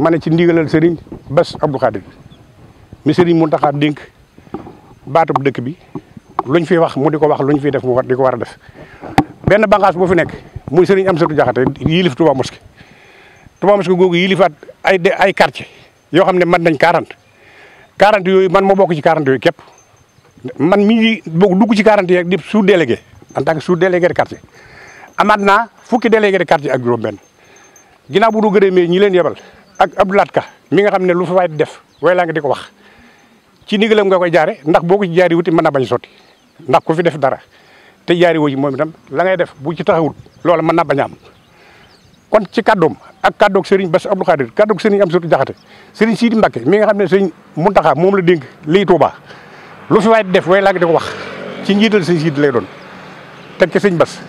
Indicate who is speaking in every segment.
Speaker 1: ma ne ci ndigalal sëriñ Bass Abdou Khadir mi sëriñ dink dénk bu dëkk bi luñ fi wax mu di ko wax luñ fi def mu war di ko war a def benn bànqaas boo fi nekk muy sëriñ Amsatou Diakhaté yilif Touba Mosquée Touba Mosquée googu yilifaat ay ay quartier yoo xam ne mën nañ 40 40 yooyu man moo bokk ci 40 yooyu képp man mii bokk dugg ci 40 yeeg di sous délégué en tant que sous délégué de quartier na fukki délégué de quartier ak juróom-benn ginnaaw bu du gërëmee ñi leen yebal ak Abdoulaat Ka mi nga xam ne lu fa waay def way laa nga di ko wax ci ndigalam nga koy jaare ndax boo ko ci jaari wuti mën na bañ sotti ndax ko fi def dara te jaari woo ji moom itam la ngay def bu ci taxawul loola mën na bañ am kon ci kàddoom ak sëriñ bas Bass Abdou Khadir kàddoog Serigne Amsatou Diakhaté Serigne Sidi Mbacké mi nga xam ne Serigne Mountakha moom la dénk lii Touba lu fi waay di def way laa nga di wax ci njiital Serigne Sidi lay doon teg ci Serigne Bass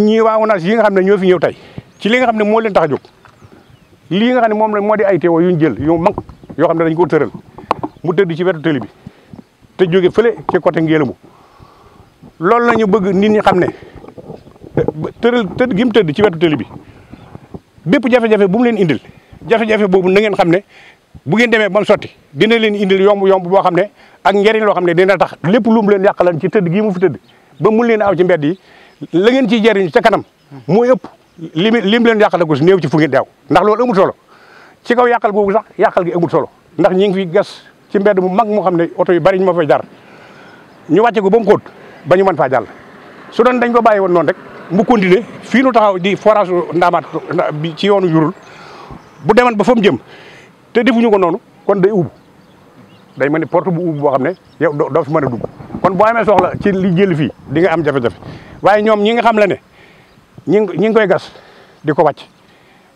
Speaker 1: ñi waa ONAS yi nga xam ne ñoo fi ñëw tey ci li nga xam ne moo leen tax a jóg lii nga xam ne moom la moo di ay teewoo yu jël yu mag yoo xam ne dañ ko tëral mu tëdd ci wetu tëli bi te jóge fële ci côté Ngélamu loolu la ñu bëgg nit ñi xam ne tërël tëdd gi mu tëdd ci wetu tëli bi bépp jafe-jafe bu leen indil jafe-jafe boobu na ngeen xam ne bu ngeen demee ba mu sotti dina leen indil yomb yomb boo xam ne ak njëriñ loo xam ne dina tax lépp lu leen yàqalan ci tëdd gii mu fu tëdd ba mu leen aw ci mbedd yi la ngeen ciy jëriñ ca kanam mooy ëpp li mu lim leen yàqal ko si néew ci fu ngeen deew ndax loolu amul solo ci kaw yàqal boobu sax yàqal gi amul solo ndax ñi ngi fi ges ci mbedd mu mag moo xam ne oto yi bari ñu ma fay jar ñu wàcce ko ba mu xóot ba mën faa jàll su doon dañ ko bàyyi woon noon rek mu continuer fii nu taxaw di forage ndaamaat bi ci yoonu yurul bu demoon ba fa mu jëm te defuñu ko noonu kon day ubbu day mel ni bu ubbu boo xam ne yow doo fi mën a dugg kon boo amee soxla ci li jël fii di am jafe-jafe waaye ñoom ñi nga xam la ne ñi ngi ñi ngi koy gas di ko wàcc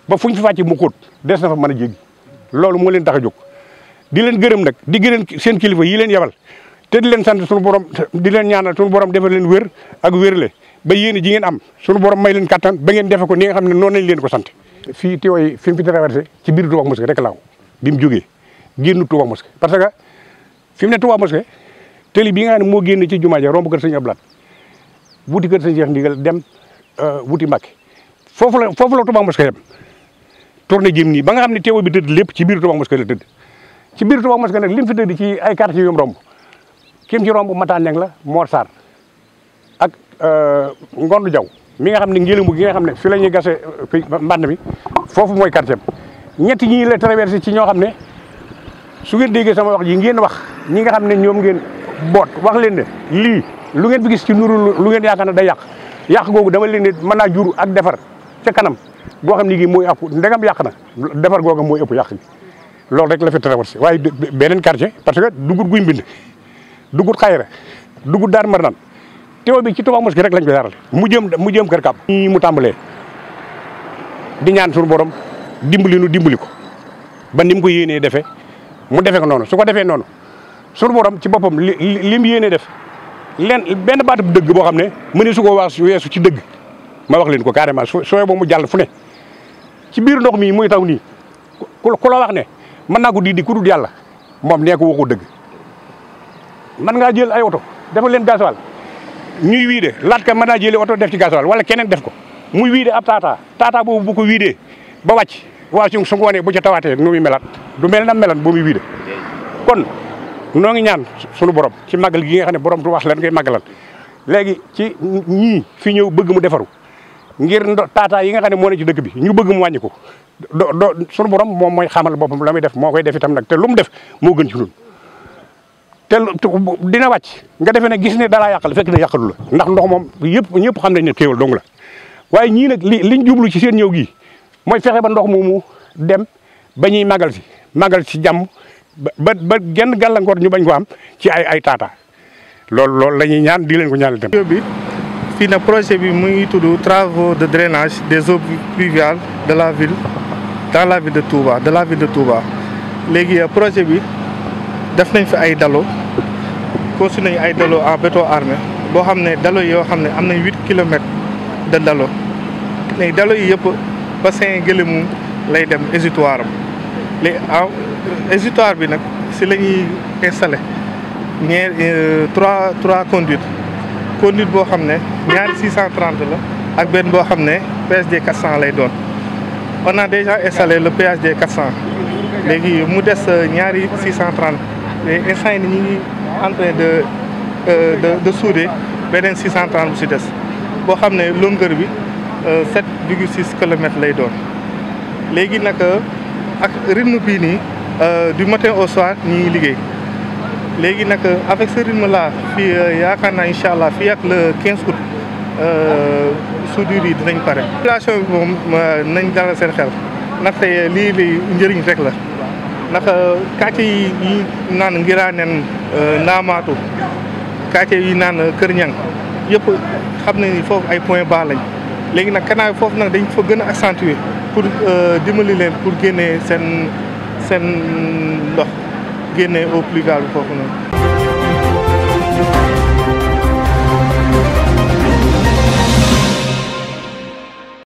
Speaker 1: ba fu ñu fi wàcc mu xóot des na fa man a jéggi loolu moo leen tax a jóg di leen gërëm nag di gërëm seen kilifa yi leen yebal te di leen sant suñu borom di leen ñaanal suñu borom defal leen wér ak le ba yéen ji ngeen am suñu borom may leen kattan ba ngeen defe ko ni nga xam ne noonu lañ leen ko sant fii Tiwaawan fi mu fi traversé ci biir Touba Mosquée rek laaw bi mu jógee génnu Touba Mosquée parce que fi mu ne Touba Mosquée tëli bi nga xam ne moo génn ci jumaa ja romb kër sëñ Ablaat wuti kër sëñ Cheikh Ndigal dem Euh, wuti Mbàkke foofu la foofu la Touba Mosquée yem tourné jëm nii ba nga xam ne teewa bi tëdd lépp ci biir Touba Mosquée la tëdd ci biir Touba Mosquée nag li mu fi tëdd ci ay quartier yom mu romb kim ci romb Mataan Ñang la moo Sarr ak euh, Ngondu Jaw mi nga xam ne ngelamu gi nga xam ne fi la ñuy gase euh, fi mbànd mi foofu mooy quartier am ñetti ñii la traversé ci ñoo xam ne su ngeen déggee sama wax ji ngeen wax ñi nga xam ne ñoom ngeen boot wax leen ne lii lu ngeen bi gis ci nuru lu ngeen yaakaar ne day yàq yàq googu dama leen ne mën naa jur ak defar ca kanam boo xam ne gi mooy ëpp ndegam yàq na defar googu mooy ëpp yàq gi loolu rek la fi traversé waaye beneen quartier parce que dugut guy mbind dugut xayra dugut daar mar nan teew bi ci Touba mosquée rek lañ ko jaarale mu jëm mu jëm kër kàpp ñi mu tàmbalee di ñaan suñu borom dimbali nu dimbali ko ba ni mu ko yéenee defee mu defee ko noonu su ko defee noonu suñu borom ci boppam li li mu yéenee def leen benn bu dëgg boo xam ne mëneesu koo wax weesu ci dëgg ma wax leen ko carrément su sooy boo mu jàll fu ne ci biir ndox mi muy taw nii ku la wax ne mën naa ko di di ku dul yàlla moom nee ko waxu dëgg man ngaa jël ay oto defal leen gasoil ñuy wiide laat ka mën naa jëlee oto def ci gasoil wala keneen def ko muy wiide ab taata taata boobu bu ko wiidee ba wàcc waa su su ngoonee bu ca tawaatee nu muy melaat du mel na melan bu muy wiide noo ngi ñaan suñu borom ci màggal gi nga xam ne borom du wax lan koy màggalal léegi ci ñii fi ñëw bëgg mu defaru ngir ndo taataa yi nga xam ne moo ne ci dëkk bi ñu bëgg mu wàññi ko do do suñu borom moom mooy xamal boppam la muy def moo koy def tam nag te lu def moo gën ci ñun te dina wàcc nga defee ne gis ne dalaa yàqal fekk na yàqalu la ndax ndox moom yëpp ñëpp xam nañ ne kéewal dong la waaye ñii nag li liñ jublu ci seen ñëw gi mooy fexe ba ndox moomu dem ba ñuy magal si màggal si jam ba ba genn gàllankoor ñu bañ ko am ci ay ay taata loolu loolu la ñuy ñaan di leen ko ñaanal tamit. bi fii na projet bi mu ngi tudd travaux de drainage des eaux
Speaker 2: pluviales de la ville dans la ville de Touba de la ville de Touba léegi euh, projet bi def nañ fi ay dalo conçu nañ ay dalo en béton armé boo xam ne dalo yoo xam ne am nañ huit kilomètres de dalo léegi dalo yi yëpp bassin gëlëmu lay dem ésutoiram léegi exutoire ah, bi nag si la ñuy installé ñeer euh, trois trois conduites boo xam ne ñaari 630 la ak benn boo xam ne PSD 400 lay doon on a déjà installé le PSD 400 léegi mu des euh, ñaari 630 mais instant yi ñu ngi en train de euh, de de souder beneen 630 bu si des boo xam ne longueur bi 7,6 kilomètres lay doon léegi nag. ak rythme bii nii euh, du matin au soir ñii liggéey léegi nag euh, avec ce rythme là fii euh, yaakaar naa incha allah fii ak le 15 août soudure yi dinañ pare. population bi moom nañ dalal seen xel ndaxte lii lii njëriñ rek la ndax quartier yi naan Ngiraaneen Ndaamaatu quartier yi naan Kër Ñang yëpp xam nañ ni foofu ay point baa lañ léegi nag canal foofu nag dañ fa gën a accentuer. pour euh, dimbali leen pour génnee seen seen ndox génnee au plus gaaw foofu noonu.